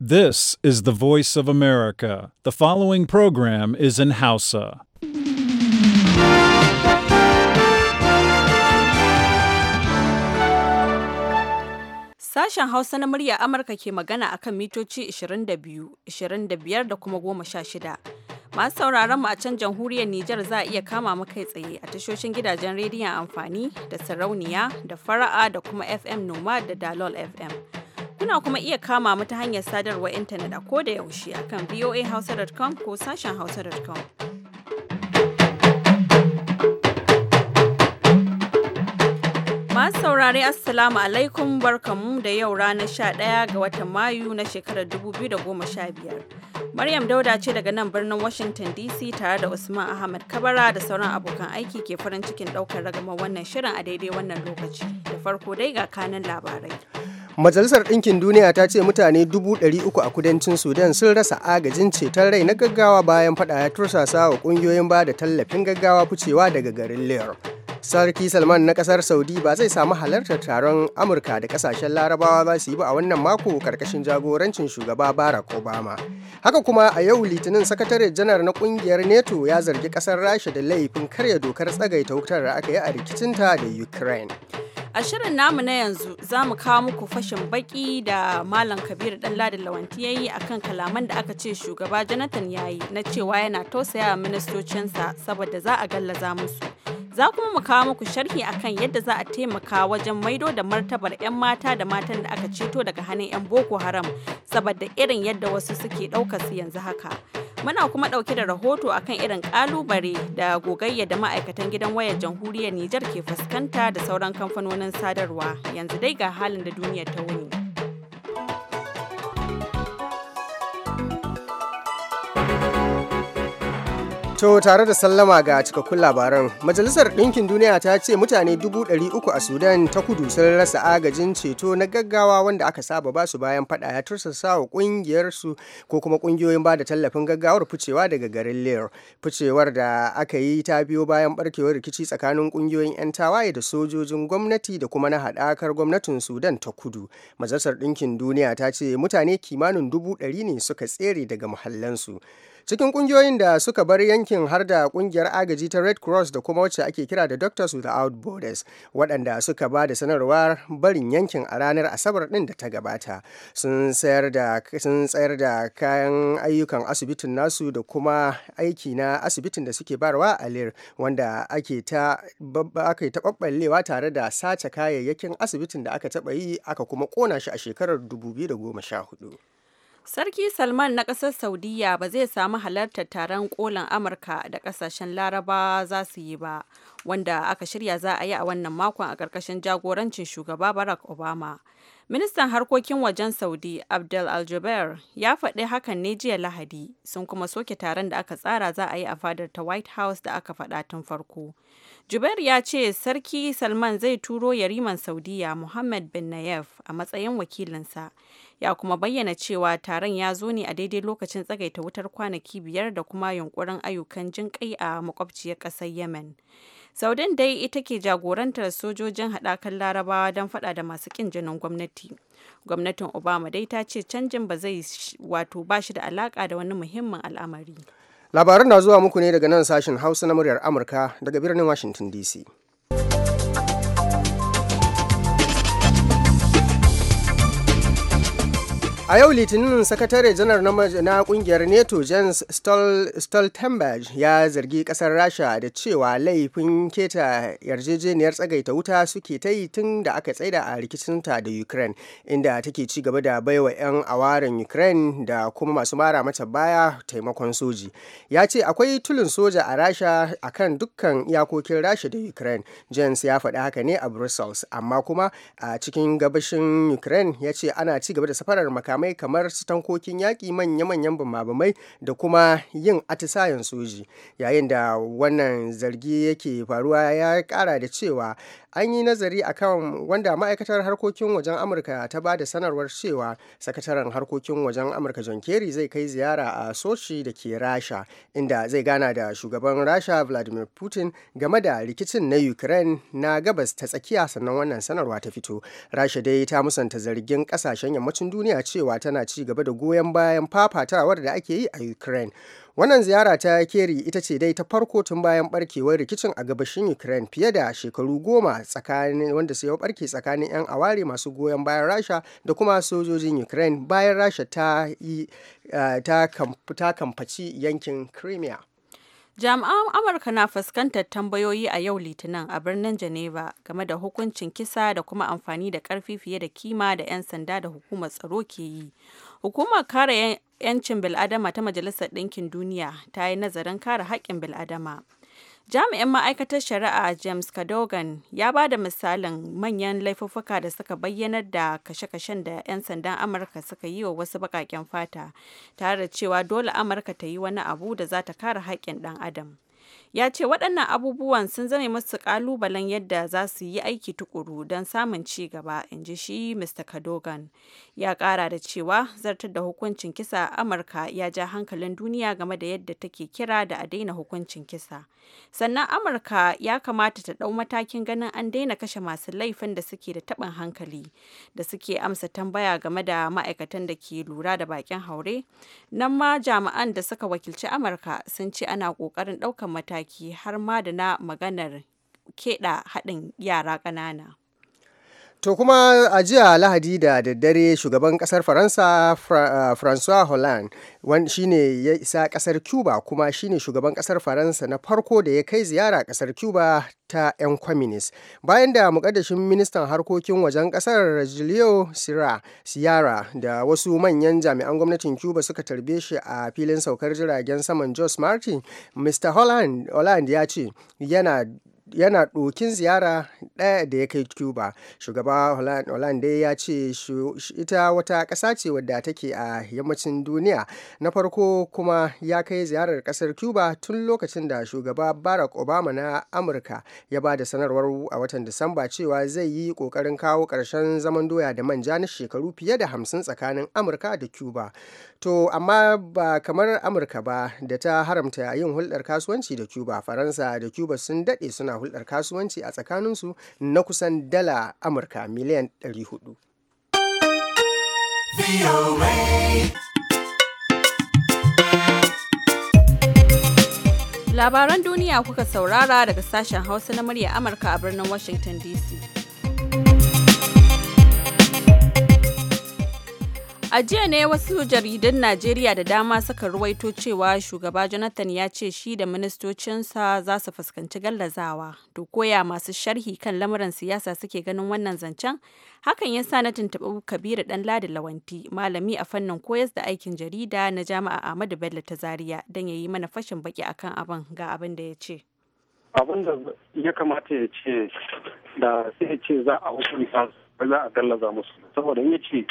This is the voice of America. The following program is in Hausa. Sashen Hausa na murya Amurka ke magana akan mitoci 22, 25 da kuma 16. Masu sauraron mu a can jamhuriyar Nijar za a iya kama makai tsaye a tashoshin gidajen rediyon amfani da sarauniya da fara'a da kuma FM Noma da Dalol FM. Kuna kuma iya kama mu ta hanyar sadarwar intanet a koda yaushe akan voahausa.com ko sashen hausa.com. Masu saurare Assalamu alaikum barkamu da yau ranar 11 ga watan Mayu na shekarar 2015. Maryam Dauda ce daga nan birnin Washington DC tare da Usman Ahmad Kabara da sauran abokan aiki ke farin cikin daukar ragamar wannan shirin a daidai wannan lokaci. Da farko dai ga kanan labarai. Majalisar Ɗinkin Duniya ta ce mutane dubu ɗari uku a kudancin Sudan sun rasa agajin ceton rai na gaggawa bayan faɗa ya tursasa wa ƙungiyoyin ba da tallafin gaggawa ficewa daga garin Lear. Sarki Salman na ƙasar Saudi ba zai samu halartar taron Amurka da ƙasashen Larabawa za su yi ba a wannan mako karkashin jagorancin shugaba Barack Obama. Haka kuma a yau Litinin sakatare janar na ƙungiyar NATO ya zargi ƙasar Rasha da laifin karya dokar tsagaita wutar da aka yi a rikicinta da Ukraine. A shirin namu na yanzu za mu kawo muku fashin baki da Malam Kabir Ɗanladi Lawanti ya yi akan kalaman da aka ce shugaba Jonathan yayi na cewa yana tausaya ministocinsa saboda za a gallaza musu. Za kuma mu kawo muku sharhi akan yadda za a taimaka wajen maido da martabar 'yan mata da matan da aka ceto daga hannun 'yan Boko Haram saboda irin yadda wasu suke ɗaukar su yanzu haka. Muna kuma ɗauke da rahoto akan irin ƙalubale da gogayya da ma'aikatan gidan wayar jamhuriyar Nijar ke fuskanta da sauran kamfanonin sadarwa. Yanzu dai ga halin da duniyar ta wuni. To tare da sallama ga cikakkun labaran, Majalisar dinkin Duniya ta ce mutane dubu ɗari uku a Sudan ta kudu sun rasa agajin ceto na gaggawa wanda aka saba basu bayan faɗa ya tursasa wa ƙungiyarsu ko kuma ƙungiyoyin ba da tallafin gaggawar ficewa daga garin Leer. Ficewar da aka yi ta biyo bayan barkewar rikici tsakanin ƙungiyoyin 'yan tawaye da sojojin gwamnati da kuma na haɗakar gwamnatin Sudan ta kudu. Majalisar Ɗinkin Duniya ta ce mutane kimanin dubu ɗari ne suka tsere daga muhallansu. cikin kungiyoyin da suka bar yankin har da kungiyar agaji ta red cross da kuma wacce ake kira da doctors without borders waɗanda suka ba da sanarwar barin yankin a ranar asabar ɗin da ta gabata sun tsayar da kayan ayyukan asibitin nasu da kuma aiki na asibitin da suke barwa a lir wanda ake ta ɓaɓɓallewa tare da sace kayayyakin asibitin da aka taɓa yi aka kuma ƙona shi a shekarar 2014 Sarki Salman na ƙasar Saudiya ba zai samu halartar taron ƙolan Amurka da ƙasashen Laraba za su yi ba, wanda aka shirya za a yi a wannan makon a ƙarƙashin jagorancin shugaba Barack Obama. Ministan harkokin wajen Saudi Abdel Aljubair ya faɗi hakan ne jiya Lahadi, sun kuma soke taron da aka tsara za a yi a fadar ta White House da aka faɗa tun farko. Jubair ya ce Sarki Salman zai turo yariman Saudiya Mohammed bin Nayef a matsayin wakilinsa. Ya kuma bayyana cewa taron ya zo ne a daidai lokacin tsagaita wutar kwanaki biyar da kuma yunkurin ayyukan jinƙai a makwabciyar ƙasar Yemen. Saudin dai ita ke jagorantar sojojin haɗakar larabawa don faɗa da masu ƙin jinin gwamnati. Gwamnatin Obama dai ta ce canjin ba zai wato ba shi da alaƙa da wani muhimmin al'amari. labaran na zuwa muku ne daga nan sashen hausa na muryar amurka daga birnin washington dc a yau litinin sakatare janar na kungiyar nato jens stoltenberg ya zargi kasar rasha da cewa laifin keta yarjejeniyar tsagaita wuta suke ta yi tun da aka tsaida a rikicinta da ukraine inda take ci gaba da baiwa 'yan awarin ukraine da kuma masu mara mata baya taimakon soji ya ce akwai tulin soja a rasha akan dukkan iyakokin rasha da ukraine jens ya faɗi haka ne a brussels amma kuma a cikin gabashin ukraine ya ce ana ci gaba da safarar makaman makamai kamar su tankokin yaƙi manya-manyan bumabumai da kuma yin atisayen soji yayin da wannan zargi yake faruwa ya kara da cewa an yi nazari a kan wanda ma'aikatar harkokin wajen amurka ta ba da sanarwar cewa sakataren harkokin wajen amurka john kerry zai kai ziyara a sochi da ke rasha inda zai gana da shugaban rasha vladimir putin game da rikicin na ukraine na gabas ta tsakiya sannan wannan sanarwa ta fito rasha dai ta musanta zargin kasashen yammacin duniya cewa cewa tana ci gaba da goyon bayan fafatawar da ake yi a ukraine wannan ziyara ta keri ita ce dai ta farko tun bayan barkewar rikicin a gabashin ukraine fiye da shekaru goma tsakanin wanda sai barke tsakanin 'yan aware masu goyon bayan rasha da kuma sojojin ukraine bayan rasha ta eh, kamfaci yankin crimea Jami'an Amurka na fuskantar tambayoyi a yau Litinin a birnin Geneva game da hukuncin kisa da kuma amfani da ƙarfi fiye da kima da 'yan sanda da hukumar tsaro ke yi. Hukumar kare 'yancin bil'adama ta Majalisar Ɗinkin Duniya ta yi nazarin kare haƙƙin bil'adama. Jami'in ma'aikatar shari'a James Cadogan ya ba da misalin manyan laifuffuka da suka bayyanar da kashe-kashen da 'yan sandan Amurka suka yi wa wasu baƙaƙen fata, tare da cewa dole Amurka ta yi wani abu da za ta kare haƙƙin ɗan Adam. ya ce waɗannan abubuwan sun zame musu ƙalubalen yadda za su yi aiki tukuru don samun ci gaba in ji shi mr cadogan ya ƙara da cewa zartar da hukuncin kisa a amurka ya ja hankalin duniya game da yadda take kira da a daina hukuncin kisa sannan amurka ya kamata ta ɗau matakin ganin an daina kashe masu laifin da suke da taɓin hankali da suke amsa tambaya game da ma'aikatan da ke lura da bakin haure nan ma jami'an da suka wakilci amurka sun ce ana ƙoƙarin ɗaukar mataki mataki har ma da na maganar keɗa haɗin yara ƙanana. To kuma a jiya Lahadi da daddare shugaban kasar Faransa François Hollande shi ne ya isa kasar Cuba kuma shi ne shugaban kasar Faransa na farko da ya kai ziyara kasar Cuba ta 'yan kwaminis Bayan da mukaddashin ministan harkokin wajen kasar Julio Sierra, da wasu manyan jami'an gwamnatin Cuba suka tarbe shi a filin saukar jiragen saman Jos Martin, Mr. Holland, Holland ya ce yana yana ɗokin ziyara ɗaya da ya kai cuba shugaba hollande ya ce ita wata ƙasa ce wadda take a yammacin duniya na farko kuma ya kai ziyarar ƙasar cuba tun lokacin da shugaba barack obama na amurka ya ba da sanarwar a watan disamba cewa zai yi ƙoƙarin kawo ƙarshen zaman doya da manja na shekaru fiye da hamsin tsakanin amurka da cuba to amma ba kamar amurka ba da ta haramta yin hulɗar kasuwanci da cuba faransa da cuba sun daɗe suna hulɗar kasuwanci a tsakaninsu na kusan dala amurka miliyan 400 labaran duniya kuka saurara daga sashen hausa na murya amurka a birnin washington dc A jiya ne wasu jaridan Najeriya da dama suka ruwaito cewa shugaba Jonathan ya ce shi da ministocinsa za su fuskanci gallazawa. To koya masu sharhi kan lamuran siyasa suke ganin wannan zancen? Hakan ya sa na tuntuɓi Kabiru ɗan Ladi Lawanti, malami a fannin koyas da aikin jarida na Jami'a Ahmadu Bello ta Zaria, don ya yi mana fashin baki akan abin ga abin da ya ce. Abin da ya kamata ya ce da sai ya ce za a hukunta za a gallaza musu saboda ya ce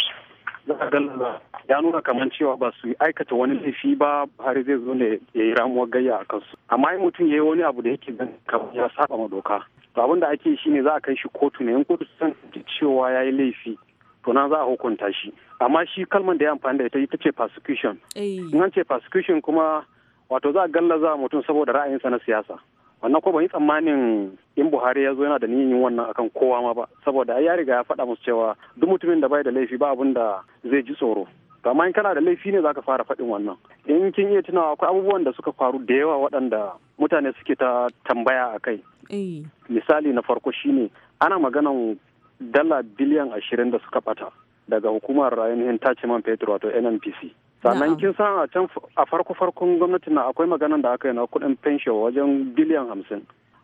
ga ya nuna kamar cewa ba su aikata wani laifi ba har zai zo ne ya yi ramuwar gayya a kansu amma in mutum ya yi wani abu da yake zan kamar ya saba ma doka to abin da ake shi ne za a kai shi kotu ne in kotu san cewa ya yi laifi to na za a hukunta shi amma shi kalmar da ya amfani da ita ita ce persecution eh. in an ce persecution kuma wato za a gallaza mutum saboda ra'ayinsa na siyasa wannan ko ban yi tsammanin in buhari ya zo yana da niyyar wannan akan kowa ma ba saboda ai ya riga ya faɗa musu cewa duk mutumin da bai da laifi ba abin da zai ji tsoro to amma in kana da laifi ne zaka fara faɗin wannan in kin iya tunawa akwai abubuwan da suka faru da yawa waɗanda mutane suke ta tambaya a kai eh. misali na farko shine ana maganan dala biliyan ashirin da suka ɓata daga hukumar ainihin tace man fetur wato nnpc sannan kin san a can a farko farkon gwamnati na akwai maganan da aka yi na kuɗin fenshi wajen biliyan hamsin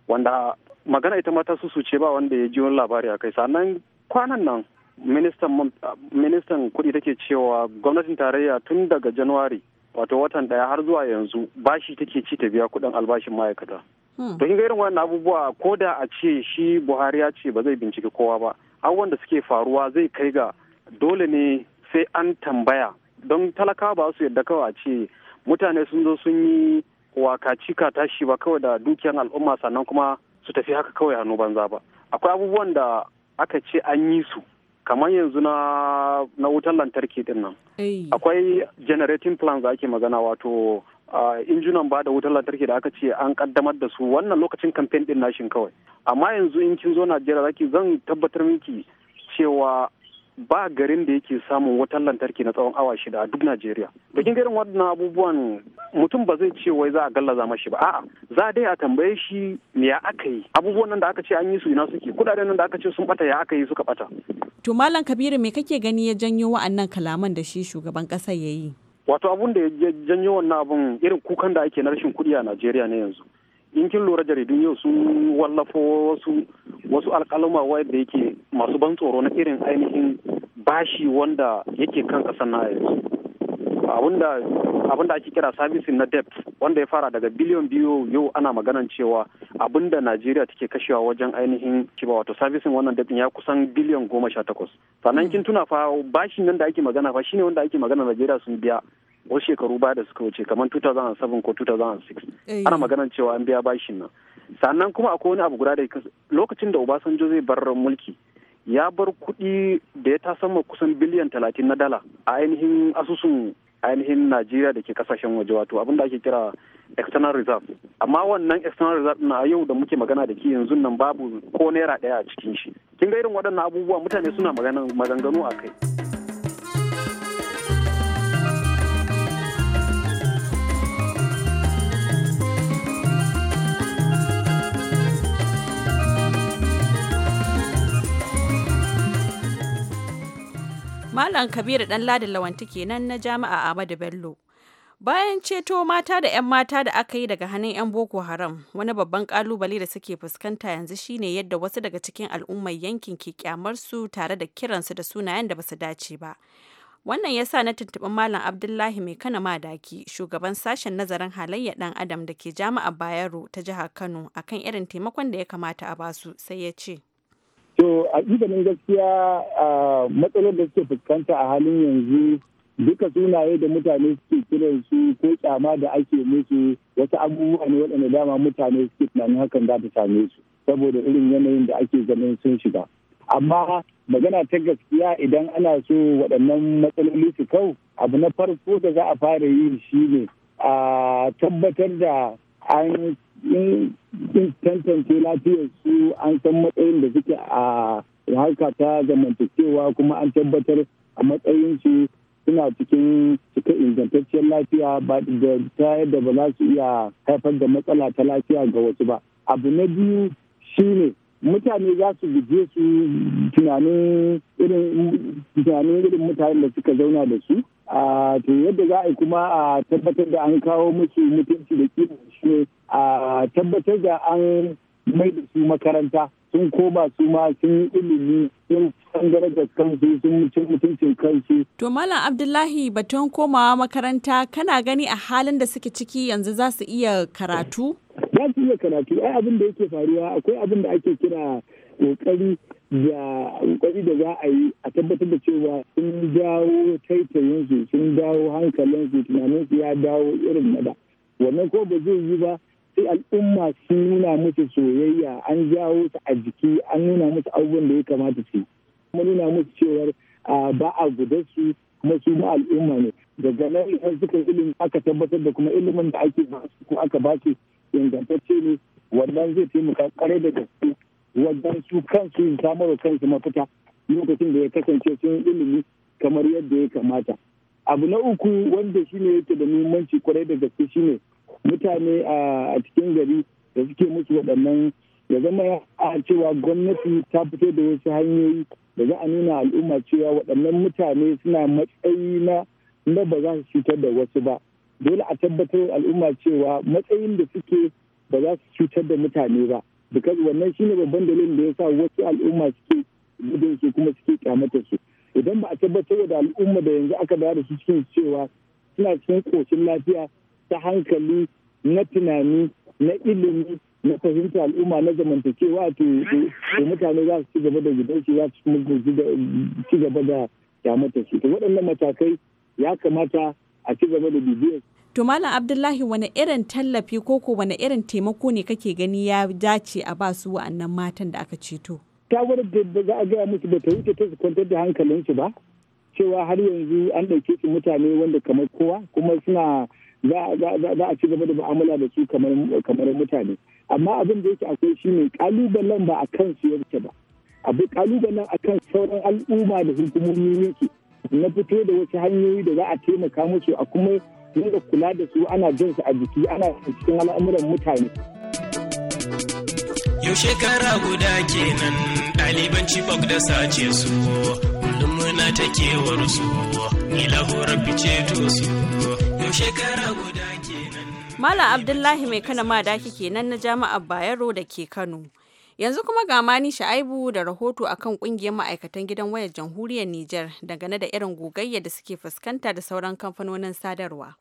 wanda magana ita mata su ce ba wanda ya ji wani labari a kai sannan kwanan nan ministan ministan kuɗi take cewa gwamnatin tarayya tun daga januwari wato watan daya har zuwa yanzu bashi take ci ta biya kuɗin albashin ma'aikata hmm. to kin ga irin wannan abubuwa ko da a ce shi Buhari ya ce ba zai bincike kowa ba abubuwan da suke faruwa zai kai ga dole ne sai an tambaya don talakawa ba su yadda kawai a ce mutane sun zo sun yi wakaci ka tashi ba kawai da dukiyan al'umma sannan kuma su tafi haka kawai hannu banza ba akwai abubuwan da aka ce an yi su kamar yanzu na na wutar lantarki din nan akwai generating plans da ake magana wato injunan ba da wutar lantarki da aka ce an kaddamar da su wannan lokacin kamfen din nashin kawai amma yanzu in kin zo Najeriya zaki zan tabbatar miki cewa ba garin da yake samun wutar lantarki na tsawon awa shida a duk Najeriya. Da kin irin waɗannan abubuwan mutum ba zai ce wai za a gallaza mashi ba. A'a, za dai a tambaye shi me ya aka yi. Abubuwan nan da aka ce an yi su ina suke, kudaden nan da aka ce sun bata ya aka yi suka bata. To Malam Kabiru me kake gani ya janyo wa'annan kalaman da shi shugaban ƙasar yayi? Wato abun da ya janyo wannan abun irin kukan da ake na rashin kuɗi a Najeriya na yanzu. in kin lura jaridun yau sun wallafo wasu wasu alkalama da yake masu ban tsoro na irin ainihin bashi wanda yake kan kasan na yanzu abinda ake kira sabisin na debt wanda ya fara daga biliyon biyu yau ana magana cewa abinda najeriya take kashewa wajen ainihin kiba wato sabisin wannan debt ya kusan biliyon goma sha takwas sannan kin tuna fa bashi nan da ake magana fa shine wanda ake magana najeriya sun biya wasu shekaru ba da suka wuce kamar 2007 ko 2006 eh. ana maganar cewa an biya bashin nan sannan kuma akwai wani abu guda da lokacin da obasanjo zai bar mulki ya bar kuɗi da ya ma kusan biliyan talatin na dala a ainihin asusun ainihin najeriya da ke kasashen waje wato abin da ake kira external reserve amma wannan external reserve na yau da muke magana da ke yanzu nan babu ko naira daya a cikin shi kin ga irin waɗannan abubuwa mutane suna maganganu a kai Malam Kabiru dan ladin lawanti kenan na jami'a Ahmadu Bello. Bayan ceto mata da 'yan mata da aka yi daga hannun 'yan Boko Haram, wani babban kalubale da suke fuskanta yanzu shine yadda wasu daga cikin al'ummar yankin ke kyamarsu tare da kiransu da sunayen da basu dace ba. Wannan yasa na tuntuɓi Malam Abdullahi Mai Kana Madaki, shugaban sashen nazarin halayya ɗan Adam da ke jami'a Bayero ta jihar Kano akan irin taimakon da ya kamata a basu, sai ya ce. To a idanun gaskiya matsalar da suke fuskanta a halin yanzu duka sunaye da mutane suke kiran su ko kyama da ake musu wasu abubuwa ne waɗanda dama mutane suke tunanin hakan za ta same su saboda irin yanayin da ake zaman sun shiga. Amma magana ta gaskiya idan ana so waɗannan matsaloli su kau abu na farko da za a fara yi shi ne a tabbatar da an tantance lafiyar su an san matsayin da suke a harka ta zamantakewa kuma an tabbatar a matsayin su suna cikin cika ingantacciyar lafiya ba da ta yadda ba za su iya haifar da matsala ta lafiya ga wasu ba abu na biyu shine mutane za su guje su tunanin irin mutanen da suka zauna da su to yadda za a yi kuma a tabbatar da an kawo musu mutunci da kima shi a tabbatar da an mai da su makaranta sun koma su ma sun ilimi sun san darajar kansu sun cin mutuncin kansu. To Malam Abdullahi batun komawa makaranta kana gani a halin da suke ciki yanzu za su iya karatu? Za su iya karatu ai abin da yake faruwa akwai abin da ake kira kokari da kwari da za a yi a tabbatar da cewa sun dawo taitayinsu sun dawo hankalinsu tunaninsu ya dawo irin na da wannan ko ba zai yi ba sai al'umma sun nuna musu soyayya an jawo su a jiki an nuna musu abubuwan da ya kamata su kuma nuna musu cewar ba a su kuma su ma al'umma ne daga nan idan suka ilimi aka tabbatar da kuma ilimin da ake ba su ko aka ba su ingantacce ne wannan zai taimaka kare da gaske wajen su kansu samar da kansu mafita lokacin da ya kasance sun ilimi kamar yadda ya kamata abu na uku wanda shine yake da muhimmanci kwarai da gaske shine mutane a cikin gari da suke musu waɗannan ya zama a cewa gwamnati ta fito da wasu hanyoyi da za a nuna al'umma cewa waɗannan mutane suna matsayi na na ba za su cutar da wasu ba dole a tabbatar al'umma cewa matsayin da suke ba za su cutar da mutane ba because wannan shine babban dalilin da ya sa wasu al'umma suke gudun su kuma suke kyamatar su idan ba a tabbatar da al'umma da yanzu aka dawo da su cikin cewa suna cikin koshin lafiya ta hankali na tunani na ilimi na fahimta al'umma na zamantakewa to mutane za su ci gaba da gidansu za su kuma ci gaba da kyamatar su to waɗannan matakai ya kamata a ci gaba da bibiyar To Malam Abdullahi wani irin tallafi ko ko wani irin taimako ne kake gani ya dace a ba su wa'annan matan da aka ceto? wani da za a gaya musu da ta wuce ta su kwantar da hankalinsu ba. Cewa har yanzu an ɗauke su mutane wanda kamar kowa kuma suna za a ci gaba da mu'amala da su kamar mutane. Amma abin da yake akwai shi ne kalubalen ba a kan su ba. abu kalubalen a kan sauran al'umma da hukumomi yake na fito da wasu hanyoyi da za a taimaka musu a kuma dinga kula da su ana jin su a jiki ana cikin al'amuran mutane. Yau shekara guda kenan ɗaliban Chibok da sace su, kullum muna ta kewar su, ni lahorar fice to su. Yau shekara guda kenan. Malam Abdullahi mai kana daki kenan na jami'ar Bayero da ke Kano. Yanzu kuma ga Mani Sha'aibu da rahoto akan kungiyar ma'aikatan gidan wayar jamhuriyar Nijar dangane da irin gogayya da suke fuskanta da sauran kamfanonin sadarwa.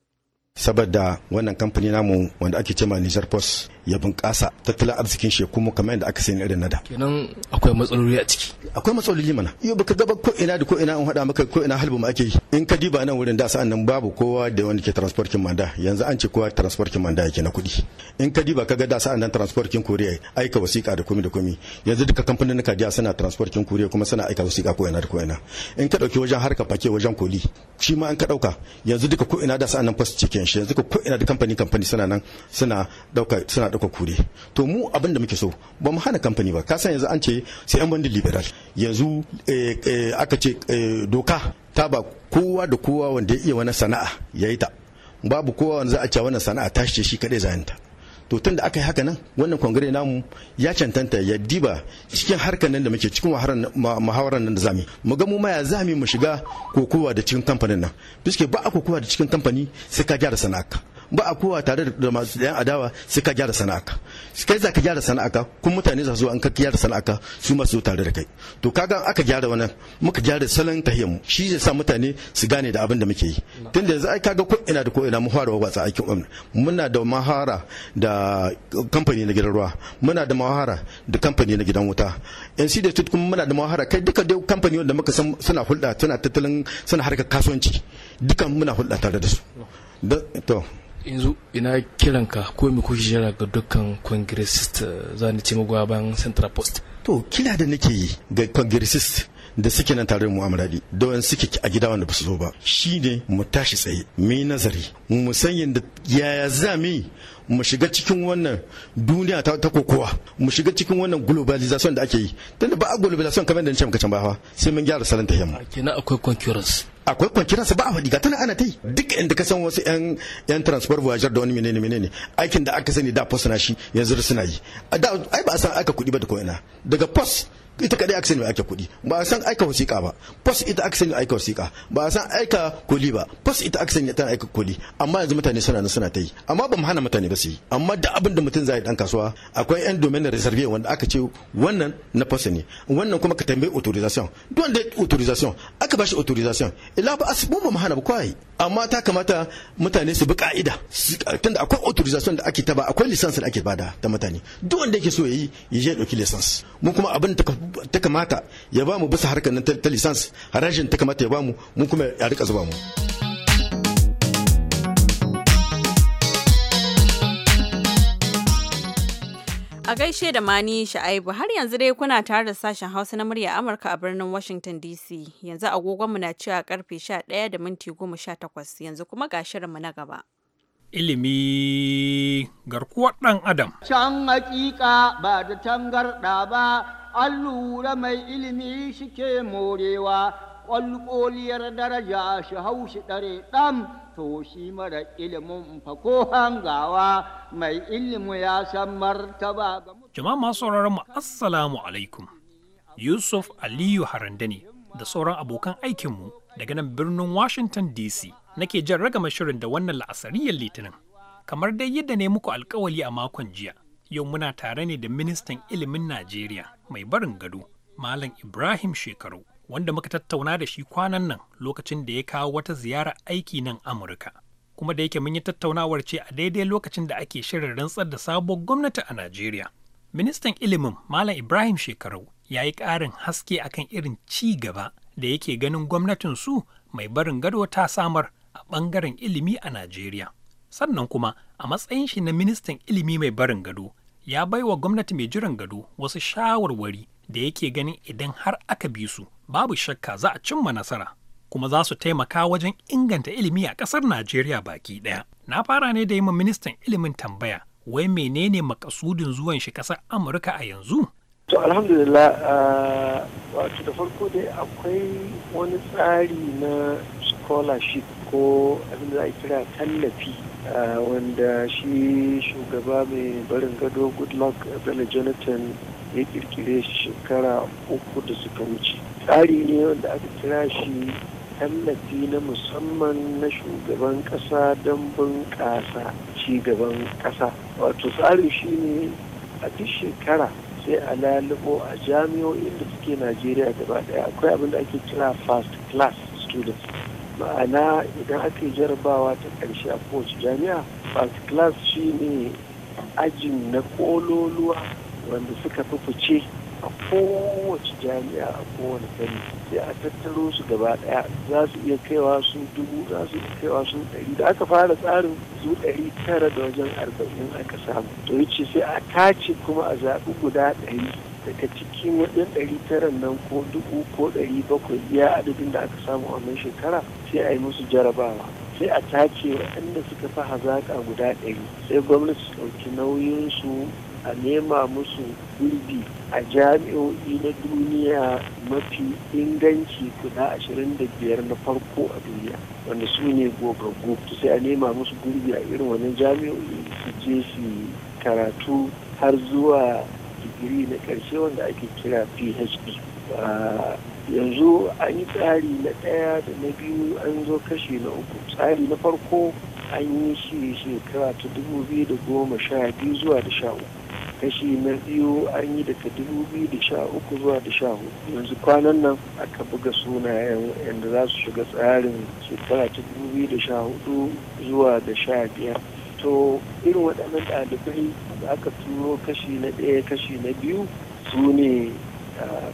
saboda wannan kamfani namu wanda ake cema Niger Post ya bunƙasa tattalin arzikin shi kuma kamar yadda aka sani irin nada. Kenan akwai matsaloli a ciki. Akwai matsaloli mana. Yau baka gaba ko ina da ko ina an haɗa maka ko ina halbu ma ake yi. In ka diba nan wurin da sa'an nan babu kowa da wanda ke transportin manda yanzu an ce kowa transportin manda yake na kuɗi. In ka diba ka ga da sa'an nan transportin Koriya aika wasiƙa da komi da komi yanzu duka kamfanin ka diya suna transportin Koriya kuma suna aika wasiƙa ko ina da ko ina. In ka ɗauki wajen harka fake wajen koli shi ma an ka ɗauka yanzu duka ko ina da sa'an nan fas cike biyan shi yanzu ko ina da kamfani kamfani suna nan suna dauka suna dauka kure to mu abin da muke so ba mu hana kamfani ba ka san yanzu an ce sai an bandi liberal yanzu eh, eh, aka ce eh, doka ta ba kowa da kowa wanda ya iya wani sana'a ya yi ta babu kowa wanda za a ce wani sana'a tashi ce shi kadai zayanta to tun da aka yi haka nan wannan kwangare namu ya cantanta ya diba cikin harkar nan da muke cikin muhawarar nan da zami mu ga mu ma ya zami mu shiga kokowa da cikin kamfanin nan biske ba a kokowa da cikin kamfani sai ka gyara sana'a. ba a kowa tare da masu yan adawa sai ka gyara sana'aka kai za ka gyara sana'aka kuma mutane za su an ka gyara sana'aka su masu tare da kai to kaga aka gyara wannan muka gyara salon tahiyar mu shi zai sa mutane su gane da abin da muke yi tunda yanzu ai kaga ko ina da ko ina mu fara wasa aikin gwamnati muna da mahara da kamfani na gidan ruwa muna da mahara da kamfani na gidan wuta yan si da tut kuma muna da mahara kai duka da kamfani wanda muka san suna hulɗa suna tattalin suna harkar kasuwanci dukan muna hulɗa tare da su to yanzu ina kiranka ko mai kuke jira ga dukkan congressist eh, za ni ce magoya bayan central post to kila da nake yi ga congressist da suke nan tare mu amuradi da wani suke a gida wanda ba su zo ba shine mu tashi tsaye mu nazari mu san yadda yaya za mu mu shiga cikin wannan duniya ta, kokowa mu shiga cikin wannan globalization da ake yi tunda ba a globalization kamar da nace muka can ba fa sai mun gyara salon ta mu kenan akwai concurrence akwai kwanciyar sa ba a faɗi ga tana ana ta yi duk inda ka san wasu yan yan transfer voyager da wani menene menene aikin da aka sani da post na shi yanzu suna yi da ai ba a san aka kuɗi ba da ko ina daga post ita kadai aka sani aika kuɗi ba a san aika wasiƙa ba pos ita aka sani aika wasiƙa ba a san aika koli ba pos ita aka sani tana aika koli amma yanzu mutane suna nan suna ta yi amma ba mu hana mutane ba su yi amma da abin da mutum zai dan kasuwa akwai yan domin reserve wanda aka ce wannan na pos ne wannan kuma ka tambayi authorization duk wanda authorization aka ba shi authorization ila ba asibu ba mu hana ba kwai amma ta kamata mutane su bi ka'ida tunda akwai authorization da ake ta ba akwai lisansi da ake bada ta mutane duk wanda yake so yayi ya je dauki lisansi mu kuma abin da ta kamata ya bamu bisa harkar nan ta lisans harajin ta kamata ya bamu mun kuma ya rika zuba mu A gaishe da Mani Sha'aibu har yanzu dai kuna tare da sashen Hausa na murya Amurka a birnin Washington DC. Yanzu agogonmu na cewa karfe 11 da minti 18 yanzu kuma ga shirinmu na gaba. Ilimi garkuwar ɗan Adam. Can hakika ba da tangarɗa ba an lura mai ilimi shi ke morewa ƙwalƙoliyar daraja shi haushi ɗare ɗan to shi mara ilimin fa hangawa mai ilimi ya san martaba ga Jama'a masu sauraron mu assalamu alaikum Yusuf Aliyu Harandani da sauran abokan aikinmu daga nan birnin Washington DC nake jan ragama shirin da wannan la'asariyar litinin kamar dai yadda ne muku alkawali a makon jiya Yau muna tare ne da ministan ilimin Najeriya mai barin gado, Malam Ibrahim Shekaru, wanda muka tattauna da shi kwanan nan lokacin da ya kawo wata ziyara aiki nan Amurka. Kuma da yake mun yi tattaunawar ce a daidai lokacin da ake shirin rantsar da sabuwar gwamnati a Najeriya. Ministan ilimin Malam Ibrahim Shekaru ya yi ƙarin haske akan irin ci gaba da yake ganin gwamnatin su mai barin gado ta samar a ɓangaren ilimi a Najeriya. Sannan kuma a matsayin shi na ministan ilimi mai barin gado ya bai wa gwamnati mai jiran gado wasu shawarwari da yake ganin idan har aka bi su babu shakka za a cimma nasara kuma za su taimaka wajen inganta ilimi a ƙasar Najeriya baki ɗaya. Na fara ne da yi ma ministan ilimin tambaya wai menene makasudin zuwan shi ƙasar Amurka a yanzu? To alhamdulillah ah, wato da farko dai akwai wani tsari na scholarship ko abin da za a kira tallafi Ah, wanda shi shugaba mai barin gado goodluck abela jonathan ya kirkire shekara uku da suka wuce tsari ne wanda aka kira shi tallafi na musamman na shugaban kasa don bunƙasa gaban kasa wato tsarin shi ne a duk shekara sai a lalubo a jami'o'in da suke najeriya gaba daya akwai abin da ake kira first class students ma'ana idan ake jarrabawa jarabawa ta ƙarshe a kowace jami'a first class shi ne ajin na kololuwa wanda suka fi fice a kowace jami'a a kowane fanni sai a tattaro su gaba daya za su iya kaiwa su dubu za su iya kaiwa su ɗari da aka fara tsarin su ɗari tara da wajen arba'in aka samu to yace sai a tace kuma a zaɓi guda ɗari daga cikin wajen dari tara nan ko dubu ko ɗari bakwai iya adadin da aka samu a mai shekara sai a yi musu jarabawa sai a tace waɗanda suka fi hazaƙa guda ɗari sai gwamnati su ɗauki nauyinsu a nema musu gurbi a jami'o'i na duniya mafi inganci guda ashirin da biyar na farko a duniya wanda su ne gogaggu sai a nema musu gurbi a irin wani jami'o'i su je su karatu har zuwa digiri na ƙarshe wanda ake kira phd yanzu an yi tsari na ɗaya da na biyu an zo kashi na uku tsari na farko an yi shi shekara ta dubu biyu da goma sha biyu zuwa da sha uku kashi na biyu an yi daga dubu biyu da sha uku zuwa da sha hudu yanzu kwanan nan aka buga sunayen yadda za su shiga tsarin shekara ta dubu biyu da sha hudu zuwa da sha biyar to irin waɗannan ɗalibai da aka turo kashi na ɗaya kashi na biyu su ne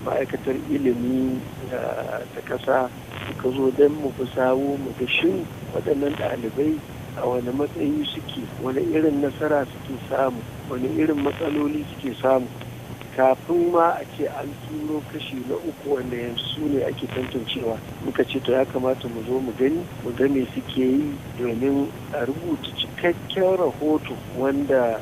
ma'aikatar ilimi ta ƙasa suka zo don mu fi sawo mu ga shin waɗannan ɗalibai a wani matsayi suke wani irin nasara suke samu wani irin matsaloli suke samu kafin ma a ce an turo kashi na uku wanda yanzu su ne ake tantancewa muka ce to ya kamata mu zo mu gani mu ga me suke yi domin a rubuta cikakken rahoto wanda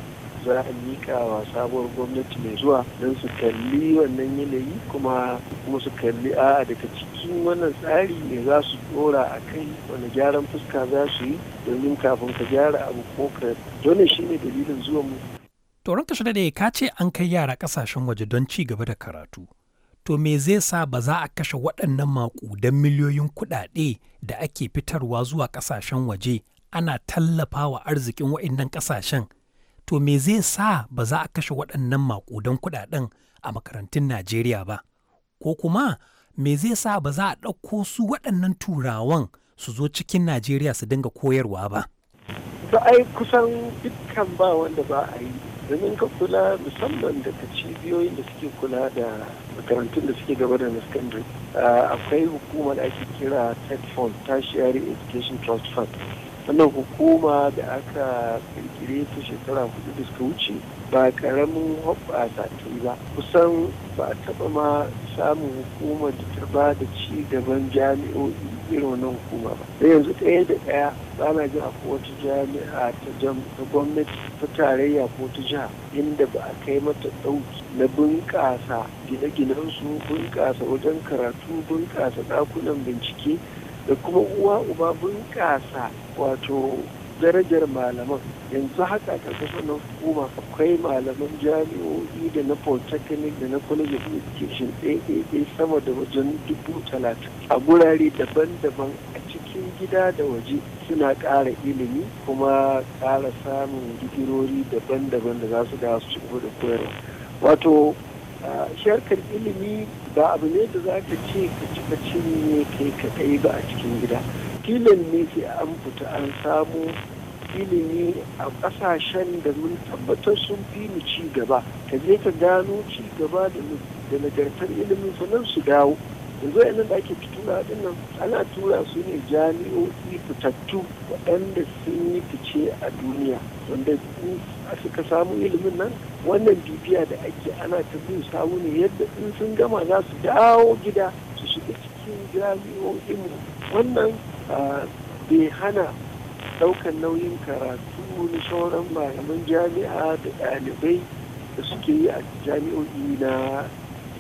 za a yi wa sabuwar gwamnati mai zuwa don su kalli wannan yanayi kuma kuma su kalli a daga cikin wannan tsari ne za su dora a kai wani gyaran fuska za su yi domin kafin ka gyara abu ko ka dole shine dalilin zuwa mu Toronto shi da ka ce an kai yara kasashen waje don ci gaba da karatu. To me zai sa ba za a kashe waɗannan maƙudan miliyoyin kuɗaɗe da ake fitarwa zuwa ƙasashen waje ana tallafa wa arzikin waɗannan ƙasashen to me zai sa ba za a kashe waɗannan maƙudan kuɗaɗen a makarantun Najeriya ba, ko kuma me zai sa ba za a ɗauko su waɗannan turawan su zo cikin Najeriya su dinga koyarwa ba. a ai kusan dukkan ba wanda ba a yi domin ka kula musamman daga cibiyoyin da suke kula da makarantun da suke gaba da secondary ah, akwai hukumar ake kira Tech Fund Tertiary Education Trust Fund wannan hukuma da aka kirkire ta shekara hudu da suka wuce ba karamin hoɓɓasa ta yi ba kusan ba a taɓa ma samun hukumar da ta ba da ci gaban jami'o'i irin wannan hukuma ba da yanzu ɗaya da ɗaya ba na jin akwai wata jami'a ta gwamnati ta tarayya ko ta jiha inda ba a kai mata ɗauki na bunƙasa gine-ginensu bunƙasa wajen karatu bunƙasa ɗakunan bincike da kuma uwa uba bunƙasa wato darajar malaman yanzu haka ka kasa na hukuma akwai malaman jami'o'i da na polytechnic da na college of education ɗaya sama da wajen dubu talatin a gurare daban-daban a cikin gida da waje suna ƙara ilimi kuma ƙara samun digirori daban-daban da za su da su da koyarwa wato sharkar ilimi ba abu ne da za ka ce ka ci ka cinye kai kaɗai ba a cikin gida filin ne sai an fita an samu ilimi a ƙasashen da mun tabbatar sun fi mu ci gaba ka je ka gano ci gaba da nagartar ilimin sannan su dawo yanzu yanzu da ake fitura din nan ana tura su ne jami'o'i fitattu waɗanda sun yi fice a duniya wanda suka samu ilimin nan wannan bibiya da ake ana ta bin samu ne yadda in sun gama za su dawo gida su shiga cikin jami'o'in wannan bai hana ɗaukan nauyin karatu na sauran malaman jami'a da ɗalibai da suke yi a jami'o'i na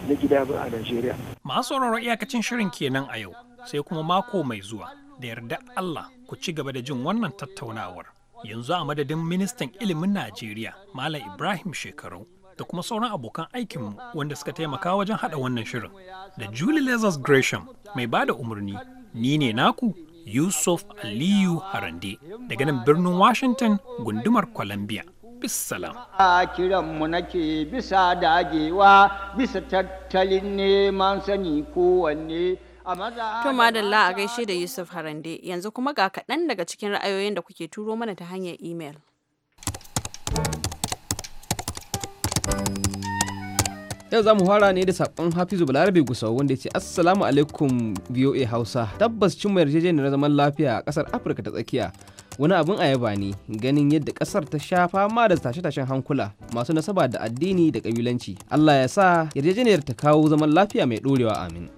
na gida ba a Najeriya. Masu sauraron iyakacin shirin kenan a yau sai kuma mako mai zuwa da yarda Allah ku ci gaba da jin wannan tattaunawar. Yanzu a madadin ministan ilimin Najeriya Malam Ibrahim Shekaru da kuma sauran abokan aikinmu wanda suka taimaka wajen haɗa wannan shirin da Julie Lazarus Gresham mai bada umarni ni ne naku Yusuf Aliyu Harande daga nan birnin Washington gundumar Columbia. bisalam. A kiranmu nake bisa dagewa bisa tattalin neman sani kowanne. To madalla a gaishe da Yusuf Harande yanzu kuma ga kaɗan daga cikin ra'ayoyin da kuke turo mana ta hanyar imel. yau za mu fara ne da sakon hafizu balarabe gusau wanda ya ce assalamu alaikum voa hausa tabbas cimma yarjejeniyar zaman lafiya a ƙasar afirka ta tsakiya wani abin ayaba ne ganin yadda kasar ta sha fama da tashe-tashen hankula masu nasaba da addini da ƙabilanci. allah ya sa yarjejeniyar ta kawo zaman lafiya mai dorewa amin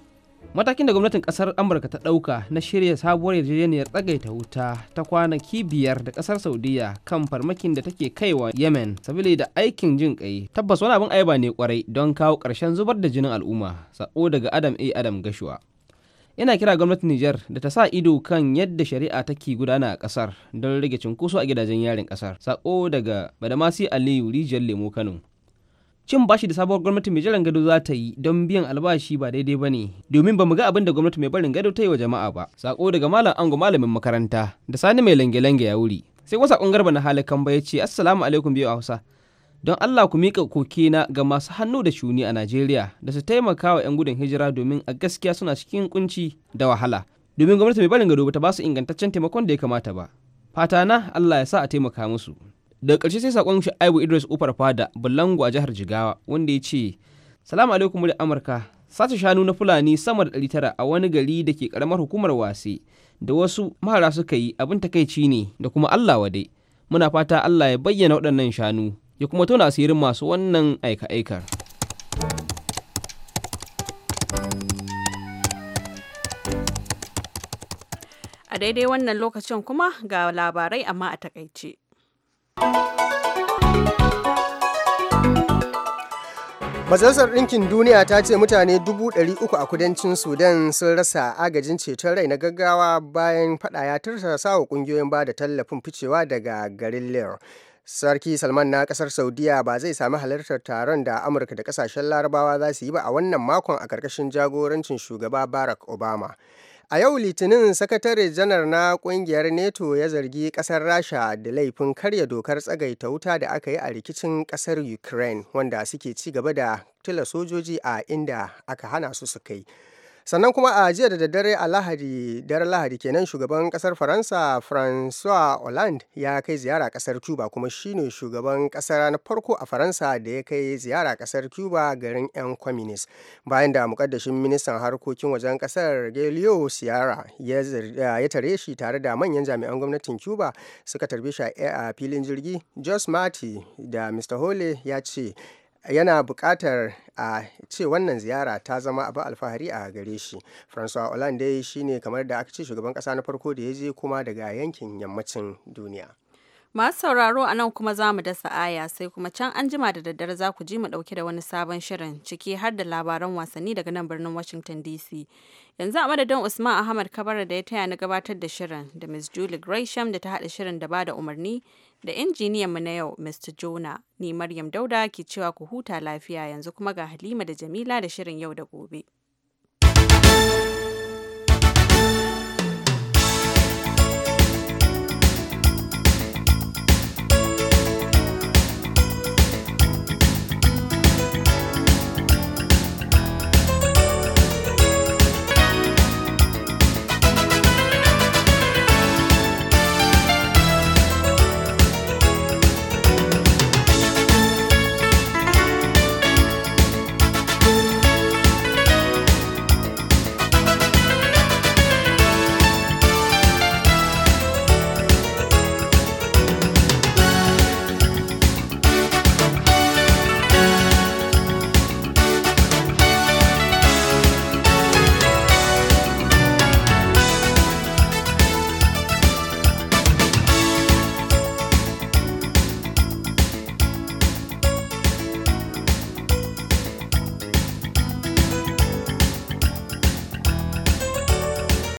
matakin da gwamnatin kasar amurka ta ɗauka na shirya sabuwar yarjejeniyar tsagaita wuta ta kwanaki biyar da kasar saudiya kan farmakin da take kaiwa yemen sabili da aikin jin kai tabbas wani abin ayaba ne kwarai don kawo ƙarshen zubar da jinin al'umma sako daga adam a adam gashuwa yana kira gwamnatin Nijar da ta sa ido kan yadda shari'a take gudana a kasar don rage cunkoso a gidajen yarin kasar. Sako daga Badamasi Aliyu Rijiyar Lemo Kano. Cin bashi da sabuwar gwamnati mai jiran gado za ta yi don biyan albashi ba daidai ba ne, domin ba mu ga abin da gwamnati mai barin gado ta yi wa jama'a ba. Sako daga Malam Ango Malamin makaranta da Sani mai lange-lange ya wuri. Sai wasa Garba na halakan ba ya ce Assalamu alaikum biyu a Hausa. don Allah ku miƙa kokena ga masu hannu da shuni a Najeriya da su taimaka wa 'yan gudun hijira domin a gaskiya suna cikin kunci da wahala domin gwamnati mai barin gado bata ba su ingantaccen taimakon da ya kamata ba fata na Allah ya sa a taimaka musu da ƙarshe sai saƙon Shu'aibu Idris Ufar Fada Bulango a jihar Jigawa wanda ya ce Salamu alaikum da Amurka sace shanu na Fulani sama da 900 a wani gari da ke ƙaramar hukumar Wase da wasu mahara suka yi abin takaici ne da kuma Allah wade muna fata Allah ya bayyana waɗannan shanu ya kuma tona asirin masu wannan aika-aikar. A daidai wannan lokacin kuma ga labarai amma a takaice. Majalisar Ɗinkin Duniya ta ce mutane uku a kudancin Sudan sun rasa agajin ceton rai na gaggawa bayan faɗa ya tursasa wa ƙungiyoyin ba da tallafin ficewa daga garin Lear. Sarki Salman na kasar Saudiya ba zai sami halartar taron da Amurka da kasashen Larabawa za su yi ba a wannan makon a ƙarƙashin jagorancin shugaba Barack Obama. A yau Litinin Sakatare Janar na kungiyar NATO ya zargi kasar Rasha da laifin karya dokar tsagaita wuta da aka yi a rikicin kasar Ukraine wanda suke ci gaba da tila sojoji a inda aka hana su su kai. sannan kuma a jiya da daddare a lahadi dare lahadi kenan shugaban kasar faransa francois hollande ya kai ziyara kasar cuba kuma shine shugaban kasar na farko a faransa da ya kai ziyara kasar cuba garin yan communist bayan da mukaddashin ministan harkokin wajen kasar galileo siyara ya tare shi tare da manyan jami'an gwamnatin cuba suka tarbe shi a filin jirgi jos marti da mr hole ya ce yana buƙatar a ce wannan ziyara ta zama abin alfahari a gare shi francois hollande shine kamar da aka ce shugaban ƙasa na farko da ya je kuma daga yankin yammacin duniya Masu sauraro a nan kuma za mu dasa aya sai kuma can an jima da daddare za ku ji mu ɗauke da wani sabon shirin ciki har da labaran wasanni daga nan birnin Washington DC. Yanzu a madadin Usman Ahmad Kabara da ya taya na gabatar da shirin da Miss Julie Gresham da ta haɗa shirin da ba da umarni da injiniyan mu na yau Mr. Jona ne Maryam Dauda ke cewa ku huta lafiya yanzu kuma ga Halima da Jamila da shirin yau da gobe.